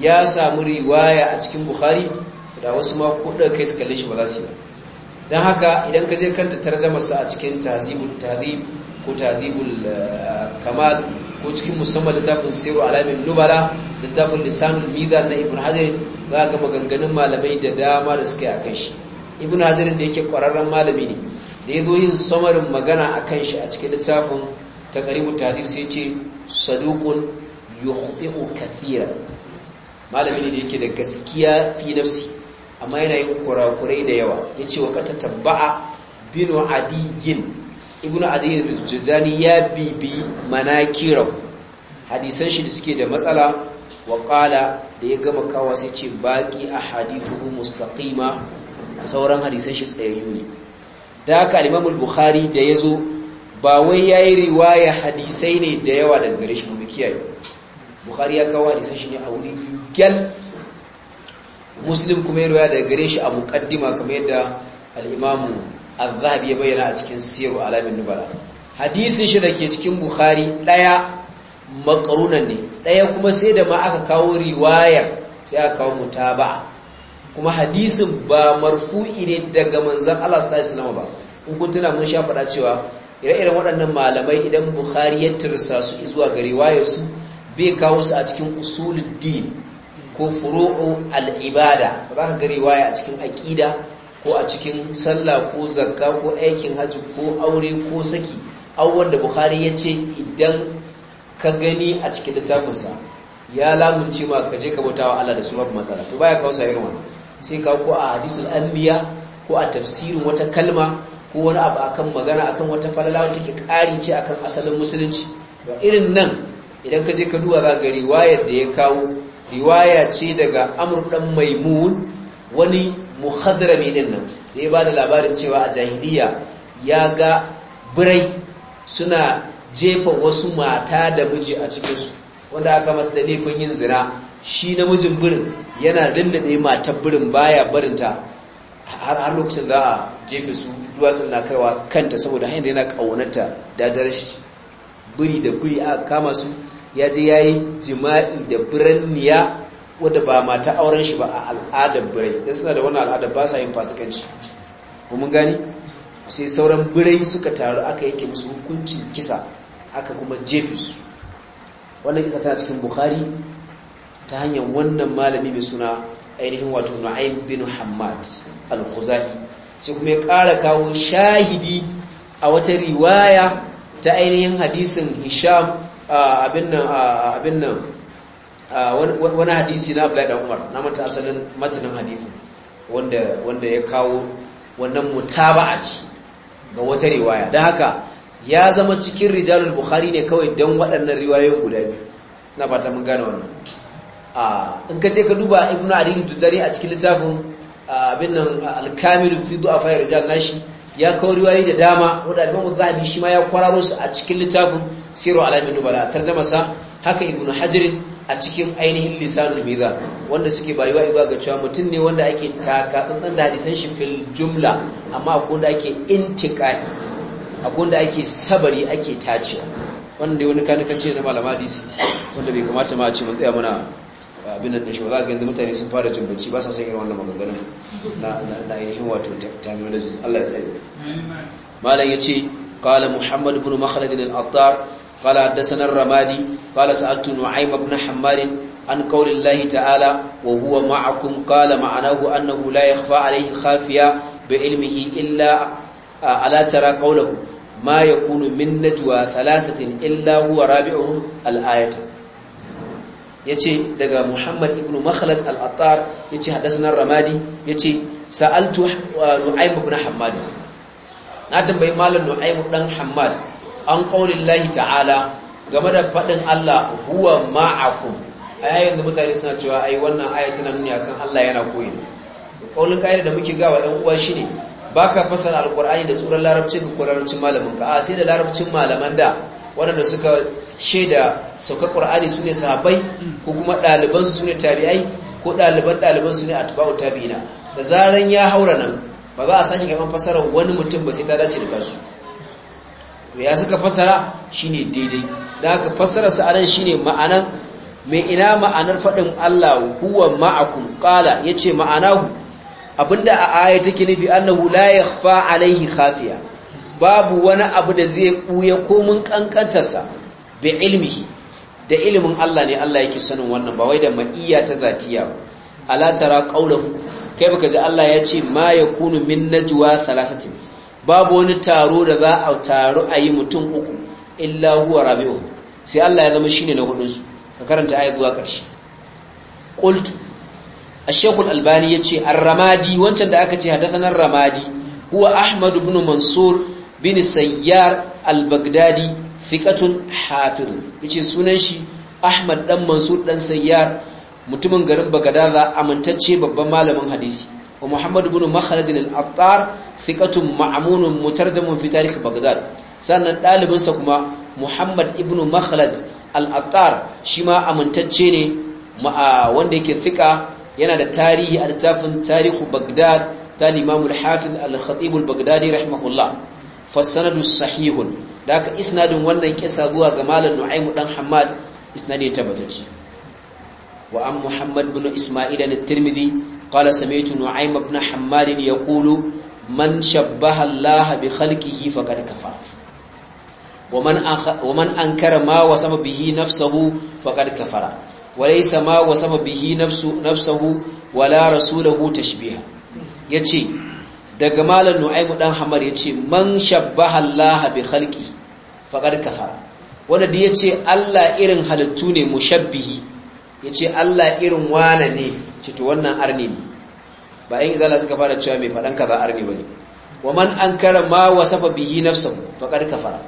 ya samu riwaya a cikin bukhari da wasu ma kuɗa kai su kalle shi ba za su yi don haka idan ka je kanta karanta sa a cikin tazibul tazib ko tazibul eh, kamal ko cikin musamman littafin siru alamin nubala littafin lisanul mizan na ibn hajar za ga maganganun malamai da dama da suka yi akan shi ibn hajar da yake kwararren malami ne da ya zo yin samarin magana akan shi a cikin littafin taqribut tazib sai ce saduqun yuhdi'u kathiran Malamin ne da yake da gaskiya fi nafsi amma yana yin kurakurai da yawa ya ce wa kata tabba'a binu adiyin ibnu adiyin ya bibi manakira hadisan shi da suke da matsala wa kala da ya gama kawa sai ce baki ahadithu mustaqima sauran hadisan shi tsayayyu ne da haka al-imam al-bukhari da yazo ba wai yayi riwaya hadisai ne da yawa daga gare shi mu kiyaye bukhari ya kawo hadisan shi ne a wuri biyu gyal muslim kuma ya roya daga gare shi a mukaddima kamar yadda al a zahabi ya bayyana a cikin siru alamin nubala hadisin shi da ke cikin bukhari ɗaya makarunan ne ɗaya kuma sai da ma aka kawo riwayar sai aka kawo ba kuma hadisin ba marfu'i ne daga manzan Allah ba mun sha cewa ire-iren waɗannan malamai idan bukhari ya su zuwa ga bai kawo su a cikin din. ko furu'u al'ibada ba za ka ga riwaya a cikin aƙida ko a cikin sallah ko zakka ko aikin hajji ko aure ko saki abubuwan da Buhari ya ce idan ka gani a cikin littafinsa ya lamunce ma ka je ka bauta wa Allah da su babu matsala to baya kawo sayar sai ka ko a hadisul anbiya ko a tafsirin wata kalma ko wani abu akan magana akan wata falala wanda take ƙari ce akan asalin musulunci irin nan idan ka je ka duba za ga riwayar da ya kawo riwaya ce daga Amurdan dan maimun wani muhadrami din nan da ya ba da labarin cewa a jahiliya ya ga birai suna jefa wasu mata da miji a cikinsu wanda aka masu da laifin yin zina shi namijin birin yana dallaɗe matar birin baya barinta har lokacin za a jefe su duwatsun na kaiwa kanta saboda hanyar yana ƙaunarta da darashi biri da biri aka kama su ya je ya yi jima'i da biranniya wadda ba mata auren shi ba a al'adar birai da suna da wani al'adar ba sa yin fasikanci mun gani sai sauran birai suka taru aka yake musu hukuncin kisa aka kuma jefi su wannan kisa tana cikin bukhari ta hanyar wannan malami mai suna ainihin wato na'ayin bin hammad al khuzari sai kuma ya ƙara kawo shahidi a wata riwaya ta ainihin hadisin hisham abin wani hadisi na Abdullahi dan Umar na mata asalin matanin hadisi wanda ya kawo wannan a ci ga wata riwaya dan haka ya zama cikin rijalul bukhari ne kawai don waɗannan riwayoyin guda biyu na fata mun gane wannan in ka ce ka duba ibnu adil tudari a cikin littafin abin nan alkamilu kamil fi fayar rijal nashi ya kawo riwayoyi da dama wanda al zahabi shi ma ya kwararo su a cikin littafin siru alamin nubala tarjama sa haka ibnu hajar a cikin ainihin lisanu mizan wanda suke bayuwa izuwa ga cewa mutum ne wanda ake taka dan da hadisan shi fil jumla amma a wanda ake intiqai A wanda ake sabari ake tacewa wanda wani kan ce na malama hadisi wanda bai kamata ma a ce mun tsaya muna eh, abin nan shi ba za ga yanzu mutane sun fara jin bacci ba sa san irin wannan maganganun na na yayin wato terminologies Allah ya tsare malam yace qala muhammad ibn makhlad al-attar قال حدثنا الرمادي قال سألت نعيم بن حمار عن قول الله تعالى وهو معكم قال معناه أنه لا يخفى عليه خافيا بعلمه إلا ألا ترى قوله ما يكون من نجوى ثلاثة إلا هو رابعهم الآية yace daga Muhammad ibn Makhlad al-Attar yace hadathana Ramadi yace sa'altu Nu'aym ibn Hammad na tambayi malam Nu'aym dan Hammad an ƙaunin lahi ta'ala game da faɗin Allah huwa ma'akum a yayin da mutane suna cewa ai wannan aya tana nuni akan Allah yana koyi ƙaunin ka'ida da muke gawa ɗan uwa shine baka fasara alƙur'ani da tsoron larabcin ga ko larabcin malamin ka a sai da larabcin malaman da waɗanda suka shaida sauka ƙur'ani su ne sahabbai ko kuma ɗalibansu su ne tabi'ai ko ɗaliban ɗaliban su ne a tuba'u tabi'ina da zaran ya haura nan ba za a sake gaban fasarar wani mutum ba sai ta dace da kansu to ya suka fasara shine daidai da aka fasara sa anan shine ma'anan mai ina ma'anar faɗin Allah huwa ma'akum qala yace ma'anahu abinda a aya take nufi annahu la yakhfa alaihi khafiya babu wani abu da zai ɓuya komun ƙanƙantarsa bi ilmihi da ilimin Allah ne Allah yake sanin wannan ba wai da ma'iya ta zatiya ba Alatara tara kai baka ji Allah ya ce ma yakunu min najwa thalathatin babu wani taro da za a taru a yi mutum uku illa huwa rabi'u sai Allah ya zama shine na hudunsu ka karanta ayat zuwa ƙarshe qultu ash-shaykh al-albani yace ar-ramadi wancan da aka ce hadathana ar-ramadi huwa ahmad ibn mansur bin sayyar al-baghdadi thiqatun hafiz yace sunan shi ahmad dan mansur dan sayyar mutumin garin bagadaza amintacce babban malamin hadisi Wa ومحمد بن مخلد الأبطار ثقة معمون مترجم في تاريخ Bagdad. sannan ɗalibinsa kuma muhammad ibn makhlad al-attar shi ma amintacce ne wanda yake fika yana da tarihi a littafin tarihu bagdad ta limamu al-hafiz al-khatib al-baghdadi rahimahullah fasanadu sahihun da aka isnadin wannan kisa zuwa ga malam nu'aymu dan hammad isnadin tabbatacce wa an muhammad ibn isma'il al-tirmidhi قال سمعت نعيم بن حماد يقول من شبه الله بخلقه فقد كفر ومن ومن انكر ما وسم به نفسه فقد كفر وليس ما وسم به نفسه نفسه ولا رسوله تشبيه yace daga malam nu'aymu dan hamar yace man shabbaha Allah bi khalqi faqad kafara wanda yace Allah irin halittu ne mushabbihi ya ce Allah irin wane ne cito wannan arni ne ba yin izala suka fara cewa mai faɗan kaza arni ba ne wa man an kara ma wasafa bihi nafsahu faƙar fara.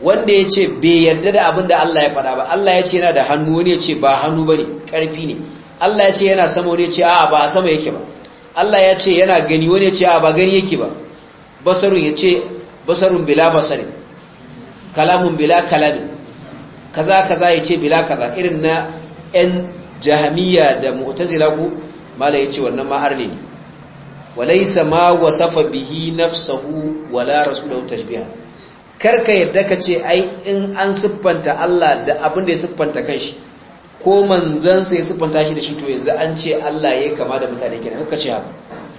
wanda ya ce bai yarda da abin da Allah ya faɗa ba Allah ya ce yana da hannu wani ya ce ba hannu ba ne ƙarfi ne Allah ya ce yana sama wani ya ce a'a ba a sama yake ba Allah ya ce yana gani wani ya ce a'a ba gani yake ba basarun ya ce basarun bila basari kalamun bila kalamin kaza kaza ya ce bila kaza irin na 'yan jahamiya da mu'tazila ku mala ce wannan ma ne ne walaysa ma wasafa bihi nafsuhu wala rasuluhu tashbiha karka yadda ka ce ai in an siffanta Allah da abin da ya siffanta kanshi ko manzan sai siffanta shi da shi to yanzu an ce Allah ya kama da mutane kenan kaka ce haka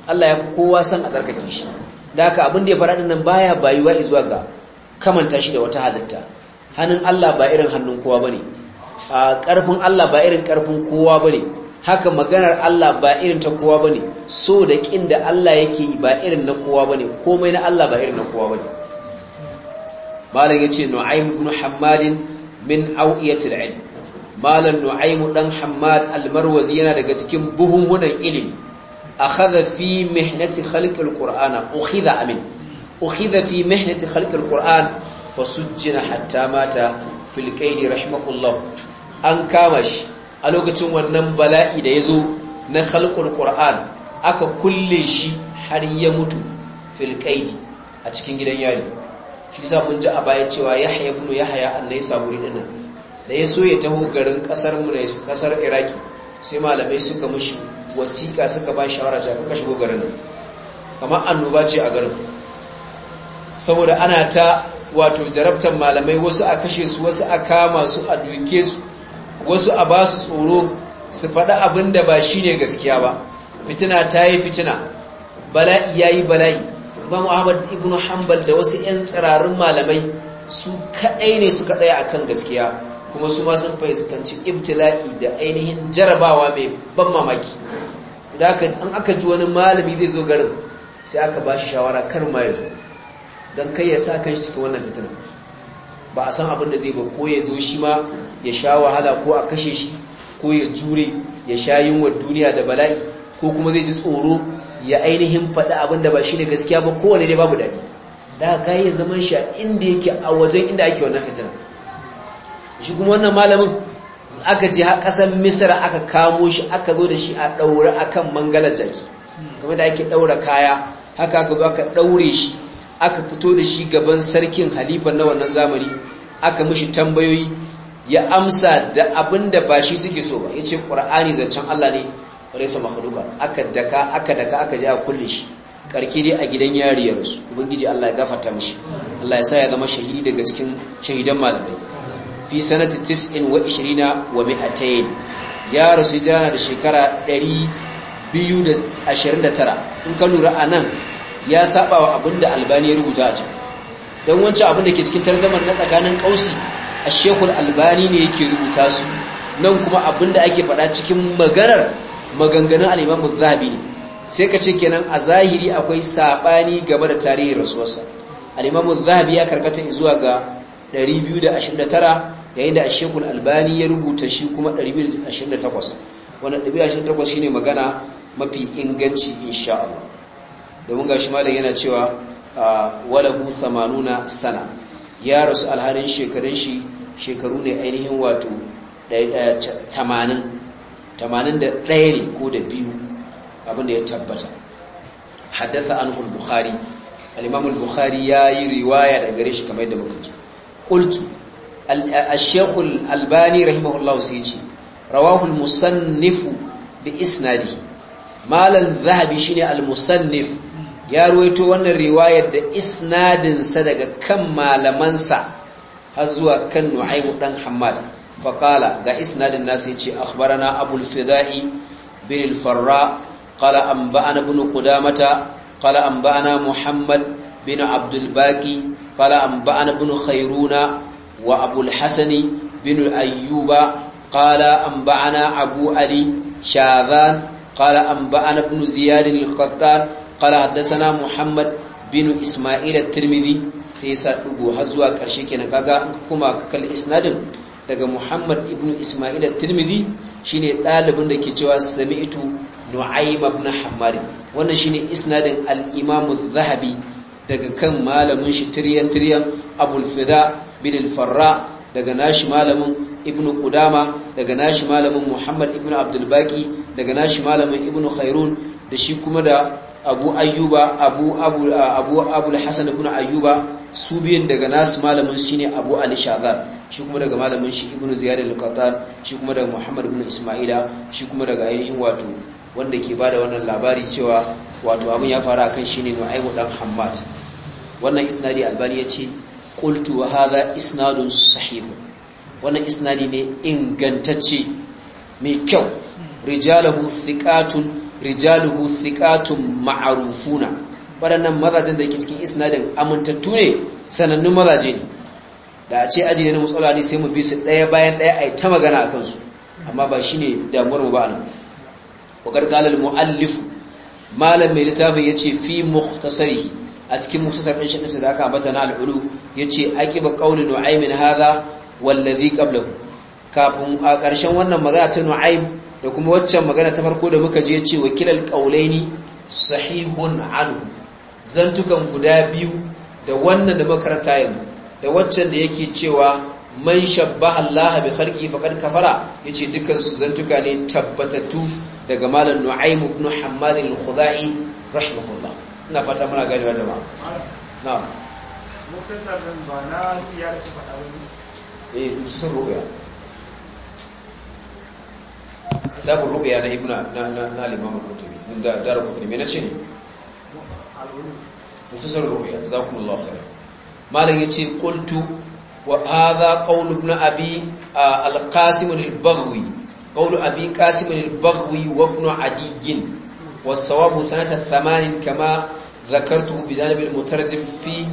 Allah ya kowa san a tsarkake shi da haka abin da ya fara nan baya bayuwa izuwa ga kamanta shi da wata halitta hannun Allah ba irin hannun kowa bane ƙarfin Allah ba irin ƙarfin kowa ne haka maganar Allah ba irin ta kowa ne so da kin da Allah yake yi ba irin na kowa ne komai na Allah ba irin na kowa bane malam yace nu'aym ibn hammad min awiyatil ilm malam nu'aym dan hammad almarwazi yana daga cikin buhunhunan ilimi akhadha fi mihnati khalqil qur'ana ukhidha amin ukhidha fi mihnati khalqil qur'an fasujjina hatta mata fil qaidi rahimahullah an kama shi a lokacin wannan bala'i da ya zo na khalqul qur'an aka kulle shi har ya mutu filƙaidi a cikin gidan yari shi sa mun ji a baya cewa yahya ibn yahya annai saburi nan. da ya so ya taho garin ƙasar muna ne ƙasar iraki sai malamai suka mushi wasiƙa suka ba shawara cewa kaka shigo garin kamar annoba ce a garin saboda ana ta wato jarabtar malamai wasu a kashe su wasu a kama su a duke su wasu a basu tsoro su faɗa abin da ba shi ne gaskiya ba fitina ta yi fitina bala'i ya yi bala'i imamu ahmad ibn hanbal da wasu 'yan tsirarin malamai su kaɗai ne suka ɗaya a kan gaskiya kuma su ma sun fahimci ibtila'i da ainihin jarabawa mai ban mamaki In aka ji wani malami zai zo garin sai aka ba shi shawara kar ma ya zo don kai ya sa kan shi cikin wannan fitina ba a san abin da zai ba ko ya zo shi ma ya sha wahala ko a kashe shi ko ya jure ya sha yunwar duniya da bala'i ko kuma zai ji tsoro ya ainihin faɗi abinda ba shi ne gaskiya ba kowane dai babu daɗi da ka yi zaman shi a inda yake a wajen inda ake wannan fitina shi kuma wannan malamin aka je har ƙasar misira aka kamo shi aka zo da shi a ɗaure akan mangalar jaki kamar da ake ɗaura kaya haka aka zo aka ɗaure shi aka fito da shi gaban sarkin halifar na wannan zamani aka mishi tambayoyi ya amsa da abin da ba shi suke so ba ya ce ƙura'ani zancen Allah ne raisa mahaluka aka daka aka daka aka ji a kulle shi karke dai a gidan yari ya rasu ubangiji Allah ya gafarta mishi Allah ya sa ya zama shahidi daga cikin shahidan malamai fi sanati wa ya rasu jana da shekara tara. in ka lura anan ya saba wa abin da albani ya rubuta a can don wancan abin da ke cikin tarzaman na tsakanin kausi a shekul albani ne yake rubuta su nan kuma abin da ake faɗa cikin maganar maganganun al'imamu zabi ne sai ka ce kenan a zahiri akwai saɓani game da tarihin rasuwarsa al'imamu zabi ya karkata zuwa ga 229 yayin da a shekul albani ya rubuta shi kuma 228 wannan 228 shine magana mafi inganci insha Allah domin gashi malam yana cewa ah, walahu 80 sana ya rasu alharin shekarun shi shekaru ne ainihin wato 80 81 ne ko da biyu abinda ya tabbata haddasa anhu bukhari al Bukhari ya yi riwaya daga gare shi kamar yadda muka ji qultu al albani rahimahullahu sai ce rawahul musannifu bi isnadi malan shi shine al-musannif ya ruwaito wannan riwayar da isnadinsa daga kan malamansa har zuwa kan nu'aimu ɗan hamad faƙala ga isnadin nasu ya ce akhbarana abul fida'i bin al an ba'ana bin ibn qudamata an ba'ana muhammad bin abdul baqi an ba'ana bin khairuna wa abul bin ayyuba an ba'ana abu ali shazan qala an ba'ana bin al-qattan qala haddathana muhammad bin isma'il at-tirmidhi sai yasa dugo har zuwa karshe kenan kaga kuma kal isnadin daga muhammad ibn isma'il at-tirmidhi shine dalibin da ke cewa sami'tu nu'aym ibn hammar wannan shine isnadin al-imam az-zahabi daga kan malamin shi tiryan tiryan abul fida bin al-farra daga nashi malamin ibn qudama daga nashi malamin muhammad ibn abdul baqi daga nashi malamin ibn khairun da shi kuma da abu ayyuba abu abu uh, abu abul hasan ibn ayyuba su biyan daga nasu malamin shine abu ali shazar shi kuma daga malamin shi ibnu ziyad al-qatar shi kuma daga muhammad ibn isma'ila shi kuma daga ainihin wato wanda ke bada wannan labari cewa wato abun ya fara kan shine nu'aymu dan hammad wannan isnadi albani yace qultu wa hadha isnadun sahih wannan isnadi ne ingantacce mai kyau rijalahu thiqatun rijaluhu thiqatun ma'rufuna waɗannan mazajen da ke cikin isnadin amintattu ne sanannun mazaje ne da a ce aji ne na matsala ne sai mu bi su ɗaya bayan ɗaya a yi ta magana a kansu amma ba shi ne damuwar mu ba nan wakar Galal mu'allifu malam mai littafin ya ce fi muhtasarihi a cikin muhtasar ɗin shaɗin da aka bata na al'ulu ya ce aƙiba ƙaunin nu'aimin haza wallazi qablahu kafin a ƙarshen wannan magana ta nu'aim da kuma waccan magana ta farko da muka je ce wakilal ƙaulaini sahihun anu zantukan guda biyu da wannan da makaranta yanzu da waccan da yake cewa man shabbaha Allah bi khalqi faqad kafara yace dukkan su zantuka ne tabbatattu daga malam Nu'aym ibn Hammad al-Khudai rahimahullah ina fata muna gani wa jama'a na'am mutasabbin ba na iya da faɗa ba eh sun ruya zaɓin rubu ya na ibina na limamin rutubi inda dara kuɗi mai na ce ne mutusar rubu ya za kuma lafiya malar ya ce ƙuntu wa haza ƙaunu na abi a alƙasimin ilbagwi ƙaunu abi ƙasimin ilbagwi wakuna adiyin wasu wabu sanata samanin kama zakar tuhu bi zanibin motar jimfi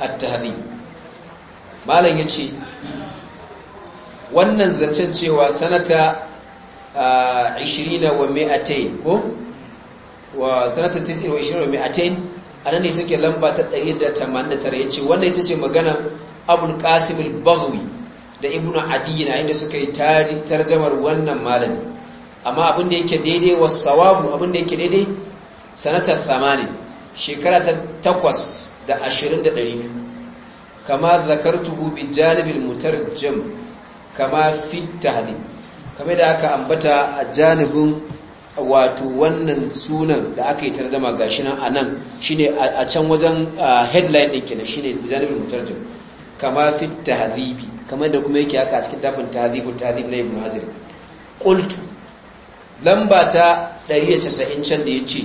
a tahadi malar ya ce wannan zancen cewa sanata 20 wa mi'atain ko wa sanata 29 wa 20 wa A nan ne suke lamba ta 189 ce, wannan ita ce magana Abul Qasim al da Ibn Adiyna inda suka yi tarjamar wannan malami amma abin da yake daidai wa sawabu abin da yake daidai sanata 80 shekara ta 8 da 20 da 200 kama zakartu bi mutar jam, kama fi tahdhib kamar da aka ambata a janibin wato wannan sunan da aka yi tarjama shi nan shi ne a can wajen headline din kenan ne janibin mutarjim kama fi hadibi, kamar da kuma yake haka a cikin tafin tahdhibu tahdhib na ibn hazir qultu lamba ta 190 can da yace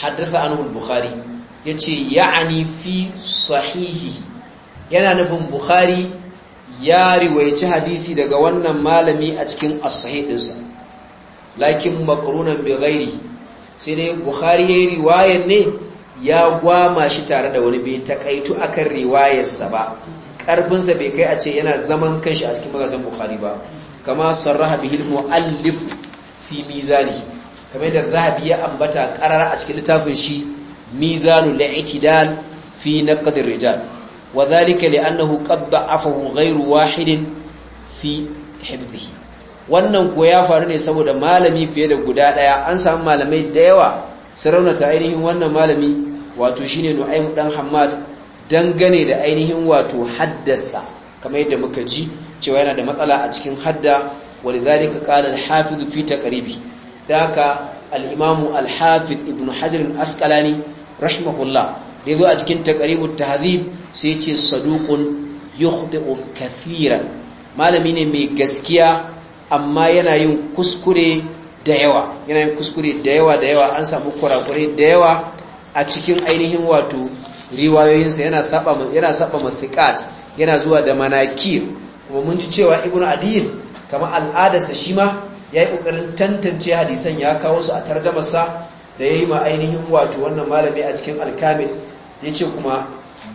haddatha anhu al-bukhari yace ya'ani fi sahihi yana nufin bukhari ya riwayaci hadisi daga wannan malami a cikin as ɗinsa. lakin maqrunan bi ghairihi sai dai bukhari yayi riwayar ne ya gwama shi tare da wani bai takaitu akan riwayarsa ba karfinsa bai kai a ce yana zaman kanshi a cikin magazin bukhari ba kama sarraha bihil muallif fi mizani kamar da zahabi ya ambata karara a cikin littafin shi mizanu li'tidal fi naqd rijal wa zalika li'annahu qad da'afahu ghayru wahidin fi wannan ko ya faru ne saboda malami fiye da guda daya an samu malamai da yawa su raunata ainihin wannan malami wato shine Nu'aym dan Hammad dangane da ainihin wato haddasa kamar yadda muka ji cewa yana da matsala a cikin hadda walidhalika qala al-hafiz fi taqribi daka al-imam al-hafiz ibn hajar al-asqalani rahimahullah da zo a cikin ta tahazib sai ce saduƙun yukhti'u kathiran malami ne mai gaskiya amma yana yin kuskure da yawa yana yin kuskure da yawa da yawa an samu kurakure da yawa a cikin ainihin wato riwayoyinsa yana saba yana saba yana zuwa da manakir kuma mun ji cewa ibnu adil kamar al'adarsa shi ma yayi kokarin tantance hadisan ya kawo su a tarjumarsa da yayi ma ainihin wato wannan malami a cikin alkamil ya ce kuma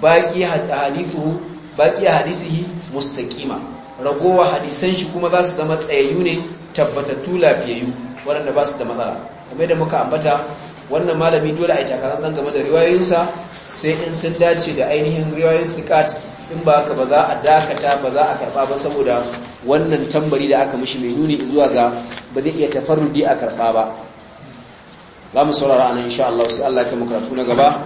baƙi a hadisi hadisihi mustaƙima ragowa hadisan shi kuma za su zama tsayayyu ne tabbatattu lafiyayyu waɗanda ba su da matsala kamar da muka ambata wannan malami dole a yi takarar game da riwayunsa sai in sun dace da ainihin riwayoyin thiqat in ba ka ba za a dakata ba za a karɓa ba saboda wannan tambari da aka mishi mai nuni zuwa ga ba zai iya tafarrudi a karɓa ba za mu saurara a nan insha Allah sai Allah ya kai karatu na gaba